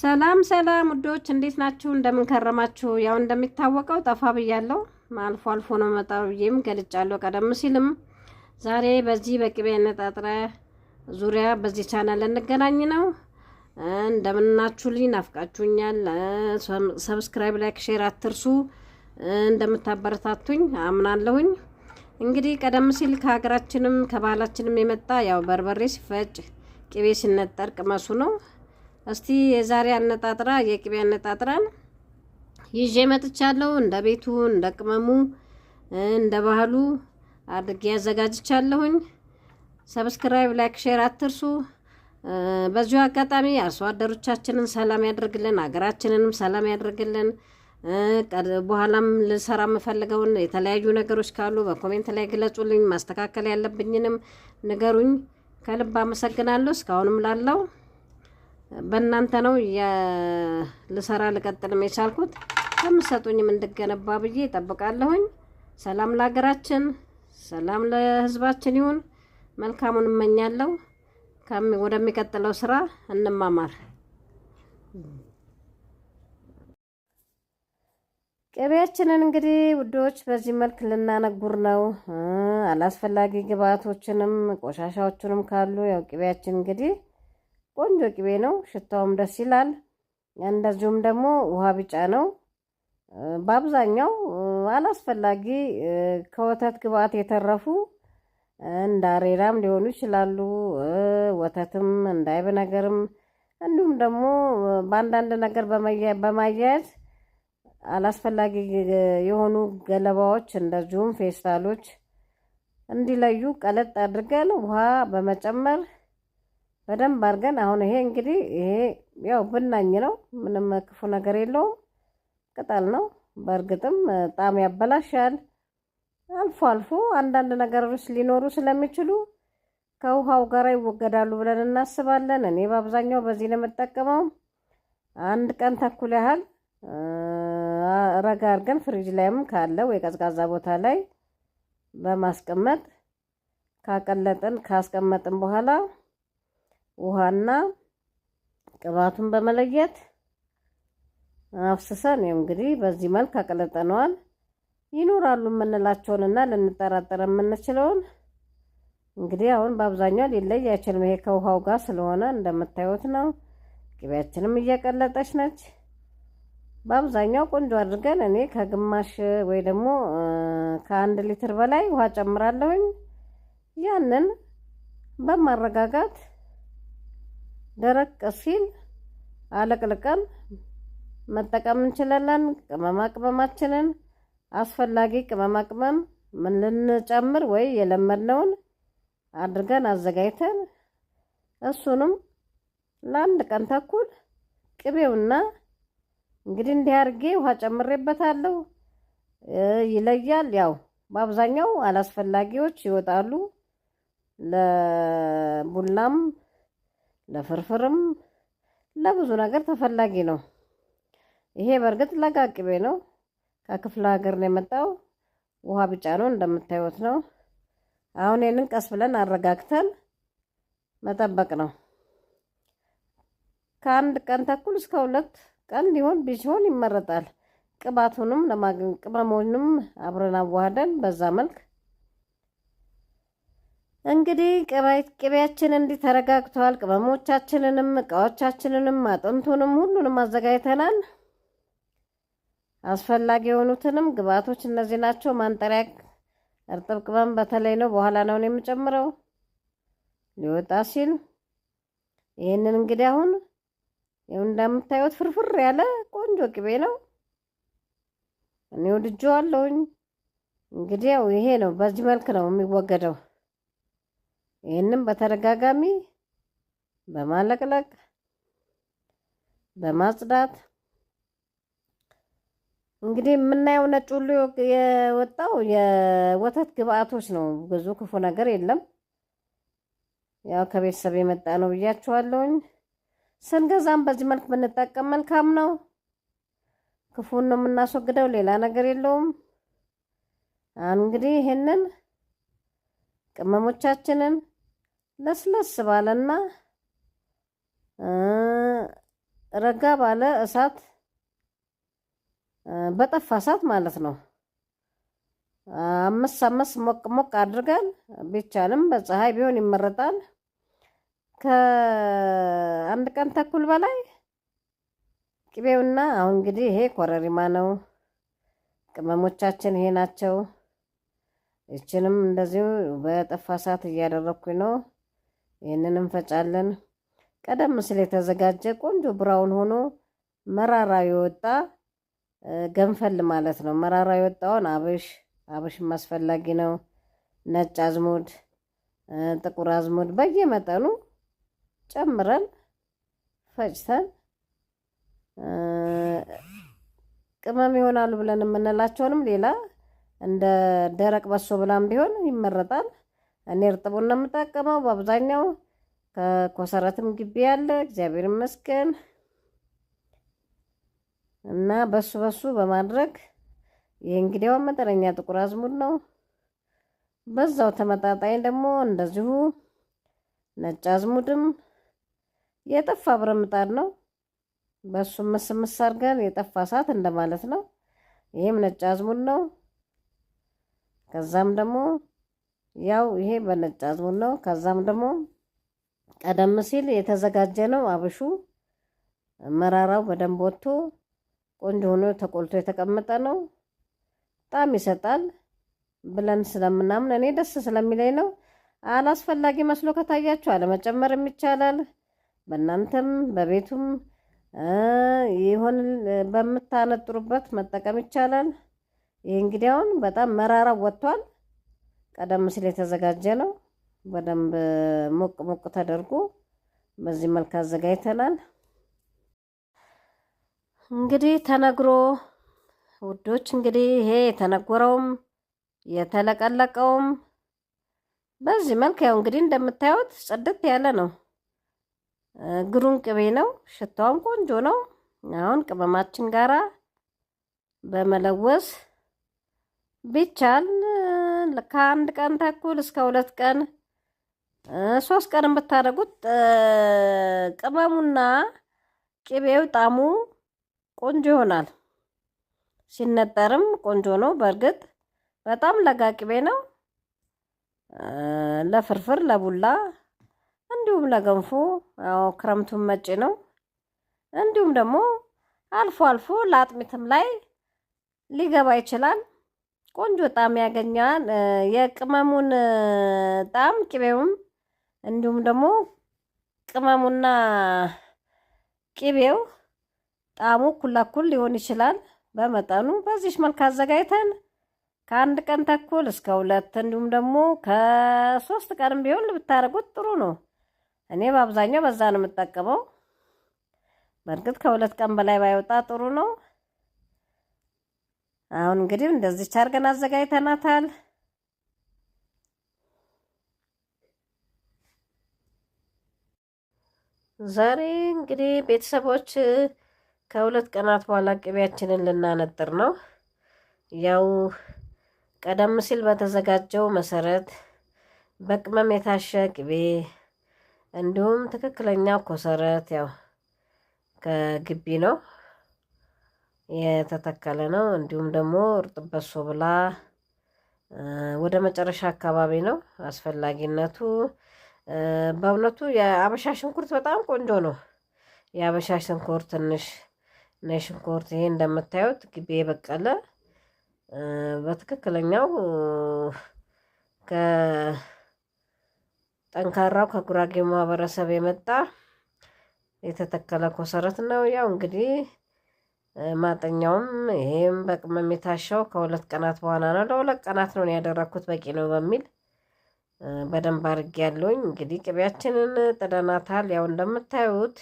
ሰላም ሰላም ውዶች እንዴት ናችሁ? እንደምንከረማችሁ። ያው እንደሚታወቀው ጠፋ ብያለሁ። አልፎ አልፎ ነው መጣ ብዬም ገልጫለሁ ቀደም ሲልም። ዛሬ በዚህ በቅቤ ነጣጥረ ዙሪያ በዚህ ቻናል እንገናኝ ነው። እንደምናችሁልኝ፣ ናፍቃችሁኛል። ሰብስክራይብ፣ ላይክ፣ ሼር አትርሱ። እንደምታበረታቱኝ አምናለሁኝ። እንግዲህ ቀደም ሲል ከሀገራችንም ከባህላችንም የመጣ ያው በርበሬ ሲፈጭ ቅቤ ሲነጠር ቅመሱ ነው እስቲ የዛሬ አነጣጥራ የቅቤ አነጣጥራን ይዤ መጥቻለሁ። እንደ ቤቱ እንደ ቅመሙ እንደ ባህሉ አድርጌ ያዘጋጅቻለሁኝ። ሰብስክራይብ፣ ላይክ፣ ሼር አትርሱ። በዚሁ አጋጣሚ አርሶ አደሮቻችንን ሰላም ያደርግልን፣ ሀገራችንንም ሰላም ያደርግልን። በኋላም ልሰራ የምፈልገውን የተለያዩ ነገሮች ካሉ በኮሜንት ላይ ግለጹልኝ። ማስተካከል ያለብኝንም ንገሩኝ። ከልብ አመሰግናለሁ እስካሁንም ላለው በእናንተ ነው ልሰራ ልቀጥልም የቻልኩት። ከምሰጡኝ እንድገነባ ብዬ እጠብቃለሁኝ። ሰላም ለሀገራችን፣ ሰላም ለህዝባችን ይሁን። መልካሙን እመኛለሁ። ወደሚቀጥለው ስራ እንማማር። ቅቤያችንን እንግዲህ ውዶች በዚህ መልክ ልናነጉር ነው። አላስፈላጊ ግብአቶችንም ቆሻሻዎችንም ካሉ ያው ቅቤያችን እንግዲህ ቆንጆ ቅቤ ነው። ሽታውም ደስ ይላል። እንደዚሁም ደግሞ ውሃ ቢጫ ነው። በአብዛኛው አላስፈላጊ ከወተት ግብአት የተረፉ እንደ አሬራም ሊሆኑ ይችላሉ። ወተትም እንዳይብ ነገርም እንዲሁም ደግሞ በአንዳንድ ነገር በማያያዝ አላስፈላጊ የሆኑ ገለባዎች እንደዚሁም ፌስታሎች እንዲለዩ ቀለጥ አድርገን ውሃ በመጨመር በደንብ አድርገን አሁን ይሄ እንግዲህ ይሄ ያው ብናኝ ነው፣ ምንም ክፉ ነገር የለውም። ቅጠል ነው። በእርግጥም ጣም ያበላሻል። አልፎ አልፎ አንዳንድ ነገሮች ሊኖሩ ስለሚችሉ ከውሃው ጋር ይወገዳሉ ብለን እናስባለን። እኔ በአብዛኛው በዚህ ነው የምጠቀመው። አንድ ቀን ተኩል ያህል ረጋ አድርገን ፍሪጅ ላይም ካለ ወይ ቀዝቃዛ ቦታ ላይ በማስቀመጥ ካቀለጥን ካስቀመጥን በኋላ ውሃና ቅባቱን በመለየት አፍስሰን ነው እንግዲህ በዚህ መልክ አቀለጠነዋል። ይኖራሉ የምንላቸውንና ልንጠራጠር የምንችለውን እንግዲህ አሁን በአብዛኛው ሊለይ አይችልም። ይሄ ከውሃው ጋር ስለሆነ እንደምታዩት ነው። ቅቤያችንም እየቀለጠች ነች። በአብዛኛው ቆንጆ አድርገን እኔ ከግማሽ ወይ ደግሞ ከአንድ ሊትር በላይ ውሃ ጨምራለሁኝ። ያንን በማረጋጋት ደረቅ ሲል አለቅልቀን መጠቀም እንችላለን። ቅመማ ቅመማችንን አስፈላጊ ቅመማ ቅመም ምን ልንጨምር ወይ የለመድነውን አድርገን አዘጋጅተን እሱንም ለአንድ ቀን ተኩል ቅቤውና እንግዲህ እንዲህ አድርጌ ውሃ ጨምሬበታለሁ። ይለያል። ያው በአብዛኛው አላስፈላጊዎች ይወጣሉ ለቡላም ለፍርፍርም ለብዙ ነገር ተፈላጊ ነው። ይሄ በእርግጥ ለጋቅቤ ነው። ከክፍለ ሀገር ነው የመጣው። ውሃ ቢጫ ነው እንደምታዩት ነው። አሁን ይህንን ቀስ ብለን አረጋግተን መጠበቅ ነው። ከአንድ ቀን ተኩል እስከ ሁለት ቀን ሊሆን ቢሆን ይመረጣል። ቅባቱንም ቅመሞንም አብረን አዋህደን በዛ መልክ እንግዲህ ቅቤያችን እንዲህ ተረጋግተዋል። ቅመሞቻችንንም እቃዎቻችንንም አጥንቱንም ሁሉንም አዘጋጅተናል። አስፈላጊ የሆኑትንም ግብአቶች እነዚህ ናቸው። ማንጠሪያ እርጥብ ቅመም በተለይ ነው፣ በኋላ ነው የምጨምረው ሊወጣ ሲል። ይህንን እንግዲህ አሁን ይኸው እንደምታዩት ፍርፍር ያለ ቆንጆ ቅቤ ነው። እኔ ወድጄዋለሁኝ። እንግዲህ ያው ይሄ ነው፣ በዚህ መልክ ነው የሚወገደው። ይህንም በተደጋጋሚ በማለቅለቅ በማጽዳት እንግዲህ የምናየው ነጭ ሁሉ የወጣው የወተት ግብአቶች ነው። ብዙ ክፉ ነገር የለም። ያው ከቤተሰብ የመጣ ነው ብያችኋለሁኝ። ስንገዛም በዚህ መልክ ብንጠቀም መልካም ነው። ክፉን ነው የምናስወግደው፣ ሌላ ነገር የለውም። እንግዲህ ይህንን ቅመሞቻችንን ለስለስ ባለና ረጋ ባለ እሳት በጠፋ እሳት ማለት ነው። አምስት አምስት ሞቅ ሞቅ አድርገን ቢቻልም በፀሐይ ቢሆን ይመረጣል። ከአንድ ቀን ተኩል በላይ ቅቤውና አሁን እንግዲህ ይሄ ኮረሪማ ነው። ቅመሞቻችን ይሄ ናቸው። ይችንም እንደዚሁ በጠፋ እሳት እያደረኩኝ ነው። ይህንን እንፈጫለን። ቀደም ሲል የተዘጋጀ ቆንጆ ብራውን ሆኖ መራራ የወጣ ገንፈል ማለት ነው። መራራ የወጣውን አብሽ አብሽም አስፈላጊ ነው። ነጭ አዝሙድ፣ ጥቁር አዝሙድ በየመጠኑ ጨምረን ፈጭተን ቅመም ይሆናሉ ብለን የምንላቸውንም ሌላ እንደ ደረቅ በሶ ብላም ቢሆን ይመረጣል። እኔ እርጥቡን ነው የምጠቀመው በአብዛኛው። ከኮሰረትም ግቢ ያለ እግዚአብሔር ይመስገን እና በሱ በሱ በማድረግ ይህ እንግዲያው መጠነኛ ጥቁር አዝሙድ ነው። በዛው ተመጣጣኝ ደግሞ እንደዚሁ ነጭ አዝሙድም የጠፋ ብረት ምጣድ ነው። በሱ ምስምስ አድርገን የጠፋ እሳት እንደማለት ነው። ይህም ነጭ አዝሙድ ነው። ከዛም ደግሞ ያው ይሄ በነጭ አዝሙድ ነው። ከዛም ደግሞ ቀደም ሲል የተዘጋጀ ነው አብሹ መራራው በደንብ ወጥቶ ቆንጆ ሆኖ ተቆልቶ የተቀመጠ ነው። በጣም ይሰጣል ብለን ስለምናምን እኔ ደስ ስለሚለኝ ነው። አላስፈላጊ መስሎ ከታያችሁ አለመጨመርም ይቻላል። በእናንተም በቤቱም ይሆን በምታነጥሩበት መጠቀም ይቻላል። ይህ እንግዲህ አሁን በጣም መራራው ወጥቷል። ቀደም ሲል የተዘጋጀ ነው። በደንብ ሞቅ ሞቅ ተደርጎ በዚህ መልክ አዘጋጅተናል። እንግዲህ ተነግሮ ውዶች እንግዲህ ይሄ የተነጎረውም የተለቀለቀውም በዚህ መልክ ያው እንግዲህ እንደምታዩት ጽድት ያለ ነው። ግሩም ቅቤ ነው። ሽታውም ቆንጆ ነው። አሁን ቅመማችን ጋራ በመለወስ ቢቻል ከአንድ ቀን ተኩል እስከ ሁለት ቀን ሶስት ቀን ብታደርጉት ቅመሙና ቅቤው ጣዕሙ ቆንጆ ይሆናል። ሲነጠርም ቆንጆ ነው። በእርግጥ በጣም ለጋቅቤ ነው። ለፍርፍር፣ ለቡላ እንዲሁም ለገንፎ ያው ክረምቱን መጪ ነው። እንዲሁም ደግሞ አልፎ አልፎ ለአጥሚትም ላይ ሊገባ ይችላል። ቆንጆ ጣዕም ያገኘዋል። የቅመሙን ጣዕም ቅቤውም፣ እንዲሁም ደግሞ ቅመሙና ቅቤው ጣዕሙ ኩላኩል ሊሆን ይችላል። በመጠኑ በዚህ መልክ አዘጋጅተን ከአንድ ቀን ተኩል እስከ ሁለት እንዲሁም ደግሞ ከሶስት ቀንም ቢሆን ብታደርጉት ጥሩ ነው። እኔ በአብዛኛው በዛ ነው የምጠቀመው። በእርግጥ ከሁለት ቀን በላይ ባይወጣ ጥሩ ነው። አሁን እንግዲህ እንደዚች አድርገን አዘጋጅተናታል። ዛሬ እንግዲህ ቤተሰቦች ከሁለት ቀናት በኋላ ቅቤያችንን ልናነጥር ነው። ያው ቀደም ሲል በተዘጋጀው መሰረት በቅመም የታሸ ቅቤ እንዲሁም ትክክለኛ ኮሰረት ያው ከግቢ ነው የተተከለ ነው። እንዲሁም ደግሞ እርጥብ ብላ ወደ መጨረሻ አካባቢ ነው አስፈላጊነቱ። በእውነቱ የአበሻ ሽንኩርት በጣም ቆንጆ ነው። የአበሻ ሽንኩርት ትንሽ ነጭ ሽንኩርት፣ ይሄ እንደምታዩት ግቤ የበቀለ በትክክለኛው ከጠንካራው ከጉራጌ ማህበረሰብ የመጣ የተተከለ ኮሰረት ነው። ያው እንግዲህ ማጠኛውም ይሄም በቅመም የታሸው ከሁለት ቀናት በኋላ ነው። ለሁለት ቀናት ነው ያደረግኩት በቂ ነው በሚል በደንብ አድርጌ ያለውኝ። እንግዲህ ቅቤያችንን ጥደናታል። ያው እንደምታዩት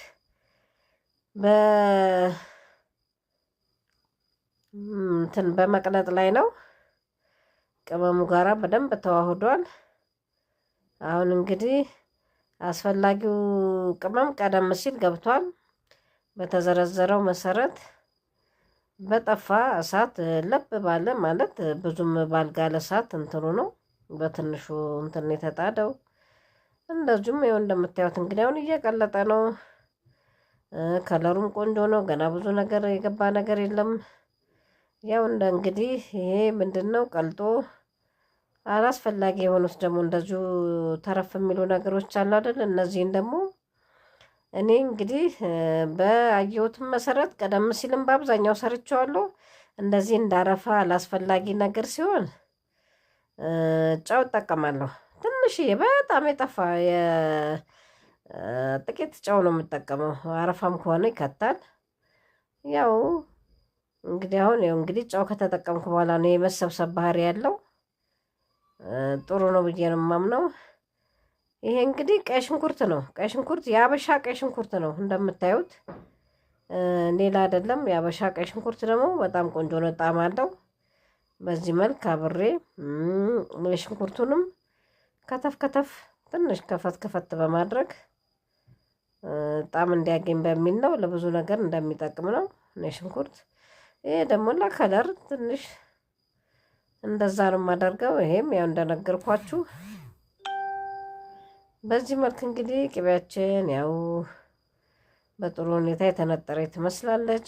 በእንትን በመቅለጥ ላይ ነው። ቅመሙ ጋራ በደንብ ተዋህዷል። አሁን እንግዲህ አስፈላጊው ቅመም ቀደም ሲል ገብቷል በተዘረዘረው መሰረት በጠፋ እሳት ለብ ባለ ማለት ብዙም ባልጋለ እሳት እንትኑ ነው በትንሹ እንትን የተጣደው። እንደዚሁም ይኸው እንደምታዩት እንግዲህ አሁን እየቀለጠ ነው። ከለሩም ቆንጆ ነው። ገና ብዙ ነገር የገባ ነገር የለም። ያው እንደ እንግዲህ ይሄ ምንድን ነው ቀልጦ አላስፈላጊ የሆኑት ደግሞ እንደዚሁ ተረፍ የሚሉ ነገሮች አሉ አይደል? እነዚህን ደግሞ እኔ እንግዲህ በአየሁትም መሰረት ቀደም ሲልም በአብዛኛው ሰርቼዋለሁ። እንደዚህ እንዳረፋ አላስፈላጊ ነገር ሲሆን ጨው እጠቀማለሁ። ትንሽዬ በጣም የጠፋ ጥቂት ጨው ነው የምጠቀመው። አረፋም ከሆነ ይከታል። ያው እንግዲህ አሁን ያው እንግዲህ ጨው ከተጠቀምኩ በኋላ ነው የመሰብሰብ ባህሪ ያለው። ጥሩ ነው ብዬ ነው የማምነው። ይሄ እንግዲህ ቀይ ሽንኩርት ነው። ቀይ ሽንኩርት የአበሻ ቀይ ሽንኩርት ነው እንደምታዩት፣ ሌላ አይደለም። የአበሻ ቀይ ሽንኩርት ደግሞ በጣም ቆንጆ ነው፣ ጣዕም አለው። በዚህ መልክ አብሬ የሽንኩርቱንም ከተፍ ከተፍ ትንሽ ከፈት ከፈት በማድረግ በጣም እንዲያገኝ በሚል ነው። ለብዙ ነገር እንደሚጠቅም ነው ሽንኩርት። ይሄ ደግሞ ለከለር ትንሽ እንደዛ ነው የማደርገው። ይሄም ያው እንደነገርኳችሁ በዚህ መልክ እንግዲህ ቅቤያችን ያው በጥሩ ሁኔታ የተነጠረች ትመስላለች።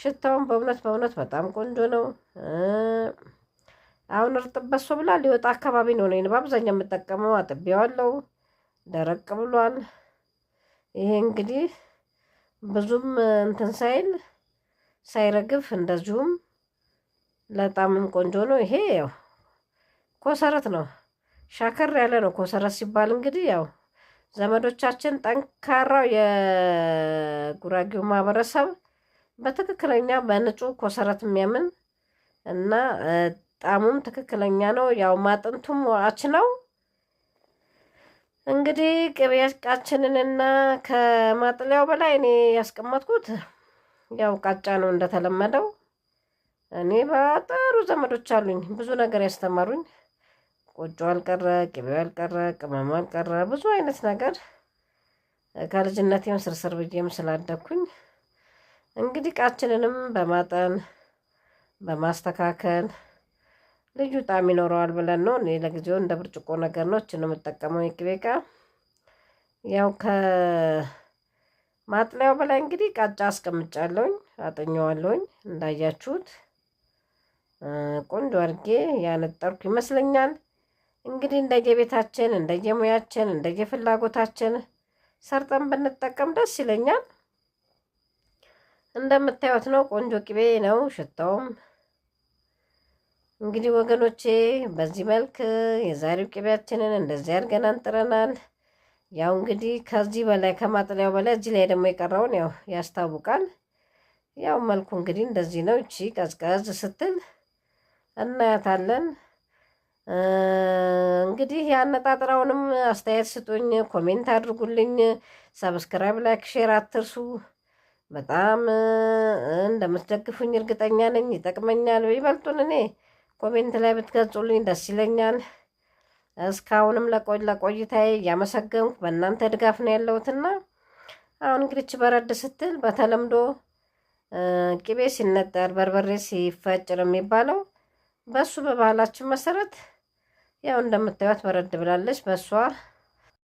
ሽታውን በእውነት በእውነት በጣም ቆንጆ ነው። አሁን እርጥብ ብላ ሊወጣ አካባቢ ነው ነኝ በአብዛኛው የምጠቀመው። አጥቤዋለሁ፣ ደረቅ ብሏል። ይሄ እንግዲህ ብዙም እንትን ሳይል ሳይረግፍ እንደዚሁም ለጣምም ቆንጆ ነው። ይሄ ያው ኮሰረት ነው። ሻከር ያለ ነው። ኮሰረት ሲባል እንግዲህ ያው ዘመዶቻችን ጠንካራው የጉራጌው ማህበረሰብ በትክክለኛ በንጹህ ኮሰረት የሚያምን እና ጣሙም ትክክለኛ ነው። ያው ማጥንቱም ዋች ነው። እንግዲህ ቅቤቃችንንና ከማጥለያው በላይ እኔ ያስቀመጥኩት ያው ቃጫ ነው እንደተለመደው። እኔ በጥሩ ዘመዶች አሉኝ ብዙ ነገር ያስተማሩኝ ቆጮ አልቀረ፣ ቅቤ አልቀረ፣ ቅመም አልቀረ፣ ብዙ አይነት ነገር ከልጅነቴም ስርስር ብዬም ስላደኩኝ እንግዲህ እቃችንንም በማጠን በማስተካከል ልዩ ጣዕም ይኖረዋል ብለን ነው። እኔ ለጊዜው እንደ ብርጭቆ ነገር ነው እችን የምጠቀመው የቅቤ እቃ። ያው ከማጥለያው በላይ እንግዲህ ቃጫ አስቀምጫለሁኝ፣ አጥኘዋለሁኝ እንዳያችሁት ቆንጆ አድርጌ ያነጠርኩ ይመስለኛል። እንግዲህ እንደየቤታችን እንደየሙያችን እንደየፍላጎታችን ሰርጠን ብንጠቀም ደስ ይለኛል። እንደምታዩት ነው፣ ቆንጆ ቅቤ ነው ሽታውም። እንግዲህ ወገኖቼ በዚህ መልክ የዛሬው ቅቤያችንን እንደዚህ አድርገን አንጥረናል። ያው እንግዲህ ከዚህ በላይ ከማጥለያው በላይ እዚህ ላይ ደግሞ የቀረውን ያው ያስታውቃል። ያው መልኩ እንግዲህ እንደዚህ ነው። እቺ ቀዝቀዝ ስትል እናያታለን። እንግዲህ ያነጣጥራውንም አስተያየት ስጡኝ፣ ኮሜንት አድርጉልኝ፣ ሰብስክራይብ፣ ላይክ፣ ሼር አትርሱ። በጣም እንደምትደግፉኝ እርግጠኛ ነኝ። ይጠቅመኛል። ይበልጡን እኔ ኮሜንት ላይ ብትገጹልኝ ደስ ይለኛል። እስካሁንም ለቆይታዬ እያመሰገንኩ በእናንተ ድጋፍ ነው ያለሁትና አሁን እንግዲህ በረድ ስትል በተለምዶ ቅቤ ሲነጠር በርበሬ ሲፈጭር የሚባለው። በሱ በባህላችን መሰረት ያው እንደምታዩት በረድ ብላለች። በእሷ